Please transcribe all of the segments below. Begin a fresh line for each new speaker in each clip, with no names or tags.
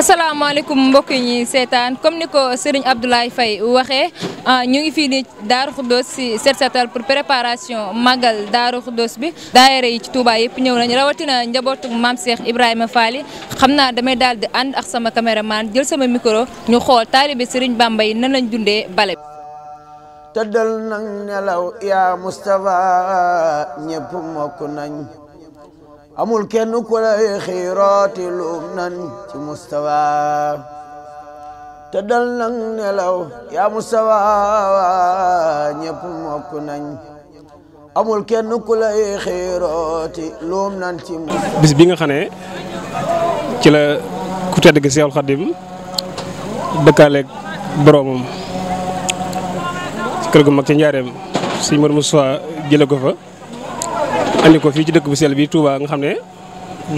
asalaamaaleykum mbokk yi seetaan comme ni ko sëriñ Serigne Abdoulaye Faye waxee ah, ñu ngi fii nii Daaru Xuddoos si set setal pour préparation màggal Daaru Xuddoos bi daayira yi ci Touba yëpp ñëw nañ rawatina njabootu maam Cheikh Ibrahima Fall xam naa damay daal di ànd ak sama caméraman jël sama mikro ñu xool taalibe Serigne Bamba yi nan lañ dundee bale bi
tëddal nag nelaw yaa Moustapha ñëpp mokk nañ amul kenn ku lay xiirooti luum nan ci mustawa te dal nang nelaw yaa mustawa ñépp mokk nañ amul kenn ku lay xiirooti luum nan ci mustawa
bis bi nga xam ne ci la ku tedd gi Seexul Xadim dëkkaaleeg boroomam ci kër gu mag ci njaareem sëñ Mor Moussa jële ko fa andi ko fii ci dëkk bu sell bi Touba nga xam ne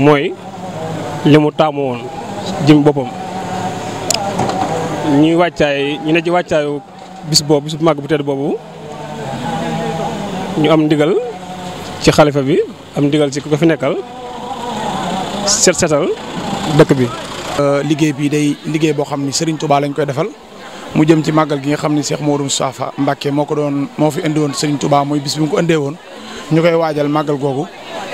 mooy li mu taamu woon jëm boppam ñuy wàccaay ñu ne ci wàccaayu bis boobu bis bu màgg bu tedd boobu ñu am ndigal ci xalifa bi am ndigal ci ku ko fi nekkal set setal dëkk bi.
Euh, liggéey bi day liggéey boo xam ni Serigne Touba lañ koy defal mu jëm ci màggal gi nga xam ni Cheikh Modou Moustapha Mbacké moo ko doon moo fi indi woon Serigne Touba mooy bis bi mu ko indee woon. ñu koy waajal màggal googu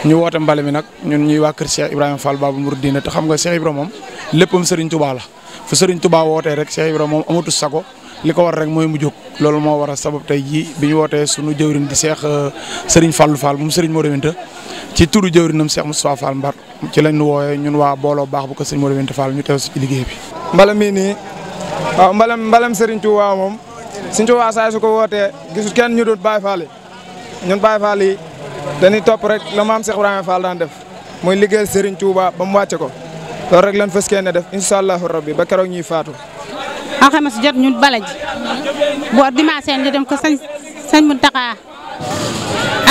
ñu woote mbale mi nag ñun ñuy waa kër Cheikh Ibrahima Fall Babou Mouridina te xam nga Cheikh Ibrahima moom léppam Serigne Touba la fu Serigne Touba rek Cheikh Ibrahima moom amatu sago li ko war rek mooy mu jóg loolu moo war a sabab tey jii ñu wootee sunu jëwrin di Cheikh euh, Serigne Fallou Fall moom Serigne Modou Winta ci turu jëwrinam Cheikh Moustapha Fall Mbar ci lañ wooyee ñun waa booloo baax bu ko Serigne Modou Winta Fall ñu teew si ci liggéey bi. mbala mii nii waaw mbalam mbalam Serigne Touba moom Serigne Touba saa su ko wootee gisul kenn ñu doon Baye Fall ñun Baye Fall dañuy topp rek la maam Cheikh Ibrahima Fall daan def muy liggéeyal Serigne Touba ba mu wàcce ko loolu rek lañ fas yéene def incha allahu rabbi ba keroog ñuy faatu.
alxames jot ñun bala ji boo dimanche ñu dem ko sañ sañ Muntaxa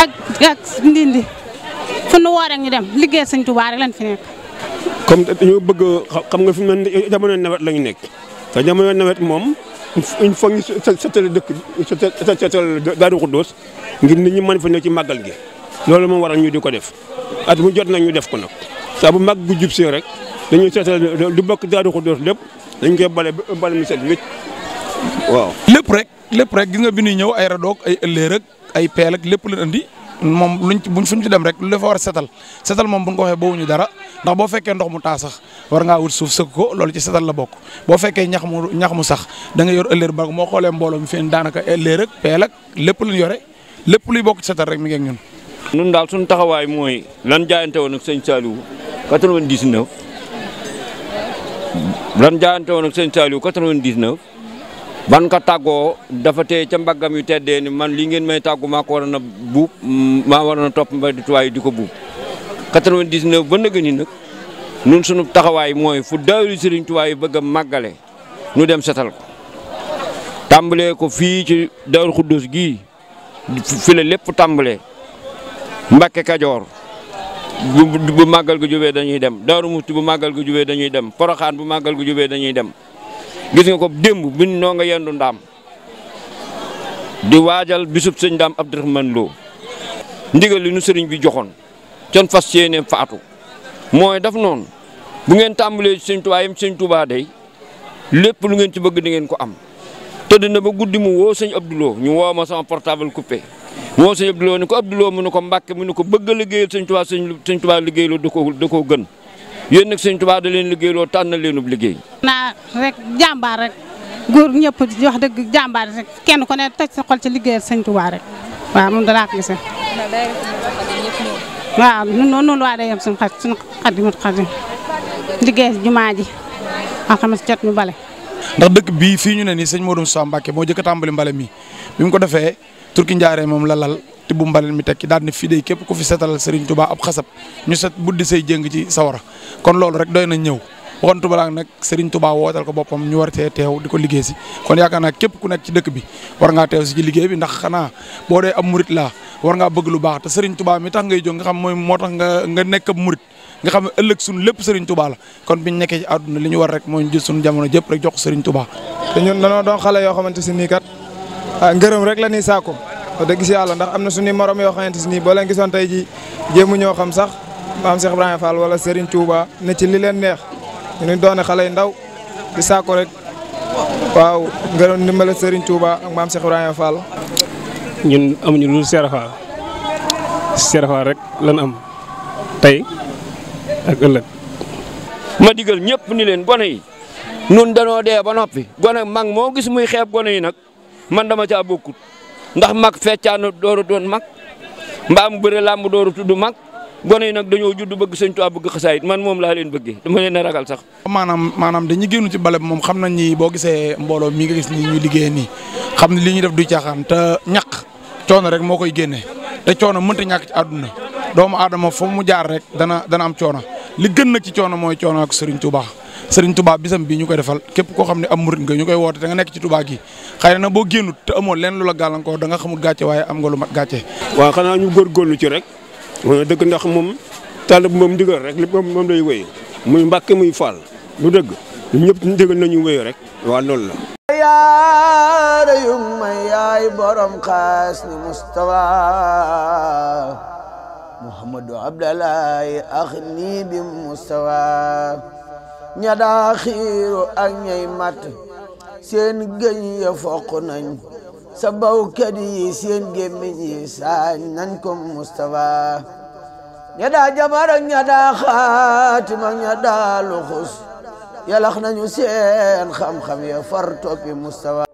ak ak ndindi fu nu woo ñu dem liggéeyal Serigne Touba rek lañ fi nekk. comme dañoo bëgg xam nga fi mu ne jamono nawet la ñu nekk te jamono nawet moom. il faut ñu setal dëkk setal Daaru Xuddoos ngir nit ñi mën fa ñëw ci màggal gi loolu moom waral ñu di ko def at mu jot nag ñu def ko nag saa bu mag bu jub see rek dañuy seetal du bokk Daaru Xudoos lépp dañ koy bale bale mu set wécc waaw. lépp rek lépp rek
gis nga bi ñuy ñëw ay radoog ay ëlleer ay peel ak lépp lañ andi moom luñ buñ fuñ ci dem rek lu dafa war setal setal moom buñ ko waxee bowuñu dara ndax boo fekkee ndox mu taa sax war ngaa wut loolu ci setal la bokk boo fekkee ñax mu ñax mu sax da yor ëlleer ba moo xoolee mbooloo mi fii daanaka ëlleer ak peel ak lépp luñ yore lépp luy bokk ci setal rek mi ngi ak
nun daal suñu taxawaay mooy lan jaayante woon ak sëñ Saliou 99 lan woon ak sëñ Saliou ban ka tàggoo dafa tee ca mbaggam yu teddee ni man lii ngeen may tàggu maa ko waroon buub maa waroon a topp mbay di tuwaay di ko buub 99 ba nëgë ni nag nun suñu taxawaay mooy fu daawli sëriñ tuwaay bëgg a màggale nu dem setal ko tàmbalee ko fii ci Daaru Xuddus gii fi la lépp tàmbalee Mbacke Kajoor bu bu màggal gu jubee dañuy dem Daaru Muxti bu màggal gu jubee dañuy dem Poroxaan bu màggal gu jubee dañuy dem gis nga ko démb biñ noo nga yendu ndaam di waajal bisub sëñ ndaam Abdourahmane Lo ndigal li nu sëriñ bi joxoon can fas yéene faatu mooy daf noonu bu ngeen tàmbalee sëñ Tuubaa yam sëñ Tuubaa lépp lu ngeen ci bëgg di ngeen ko am tëdd na ba guddi mu woo sëñ Abdou Lo ñu wooma ma sama portable coupé moo sëñ Abdou Lo ni ko Abdou Lo mu ko mbakke mu ne ko bëgg a liggéeyal sëñ Tuubaa sëñ Tuubaa liggéeyloo da koo da koo gën yéen nag sëñ Tuubaa da leen liggéeyloo tànn leenub liggéey naa rek jàmbaar rek góor ñëpp wax dëgg jàmbaar rek kenn ku ne toj sa ci liggéeyal sëñ Tuubaa rek waaw moom danaa ko gisee waaw noonu noonu waa day yem suñu xaj suñu
ndax dëkk bii fii ñu ne nii sëñ Modou Moussa Mbacke moo jëkk a tàmbali mbale mi bi mu ko defee turki njaaree moom la lal te bu mbalit mi tekki daal ne fii day ku fi setalal Serigne Touba ab xasab ñu set buddi say jëng ci sawara ñu war cee teew di ko kon bi war ngaa teew si ci liggéey bi ndax xanaa boo dee ab war la kon biñ nekkee ci àdduna li ñu war rek mooy jël suñu jamono jëpp rek jox Serigne Touba. te ñun dañoo doon xale yoo xamante si nii kat ah, ngërëm rek la ñuy saako wax dëgg si yàlla ndax am na suñu morom yoo xamante ni boo leen gisoon tey ji jéemu ñoo xam sax maam Cheikh Ibrahima Fall wala Serigne Touba ne ci li leen neex ñu ngi doone xale yu ndaw di saako rek waaw nga ndimbale Serigne Touba ak maam Cheikh Ibrahima
Fall. ñun amuñu lu Cheikh Fall rek lan am tey ak ëllëg. ma digal ñëpp ni leen gone yi nun danoo dee ba noppi gone mag moo gis muy xeeb gone yi nag man dama caa bokkut. ndax mag feccaanu dooru doon mag mbaam bëre làmb dooru du mag gone yi nag dañoo judd bëgg sëñ Tuubaa bëgg xasaayit man moom laa leen bëggee dama leen a ragal sax.
maanaam maanaam dañuy génn ci bale moom xam na ñi boo gisee mbooloo mi nga gis ni ñuy liggéeyee nii xam ne li ñuy def du caaxaan te ñaq coono rek moo koy génne te coono mënta ñàkk ci àdduna doomu aadama foofu mu jaar rek dana dana am coono li gën nag ci coono mooy coono ak tu Touba Serigne Touba bisa bi ñu koy defal képp koo xam ne am murit nga ñu koy woote da nga nekk ci Touba gi xëy na boo génnut te amoon leen lu la gàllankoor da nga xamul gàcce waaye am nga lu mat gàcce.
waaw xanaa ñu góorgóorlu ci rek wax dëgg ndax moom taalib moom ndigal rek lépp moom lay wéy muy Mbàkke muy Fall lu dëgg ñun ñëpp ndigal nañu wéy rek waaw loolu la.
yaara yu ma yaay borom xaas ni Mustafa ña daa xiiru ak ñay mat seen gëñ ya foq nañ sa bawkat seen gémmiñ yi saañ nañ ko Moustapha ña daa jabar ak ña daa xaatim ña daa luxus yalax nañu seen xam-xam ya far toppi Moustapha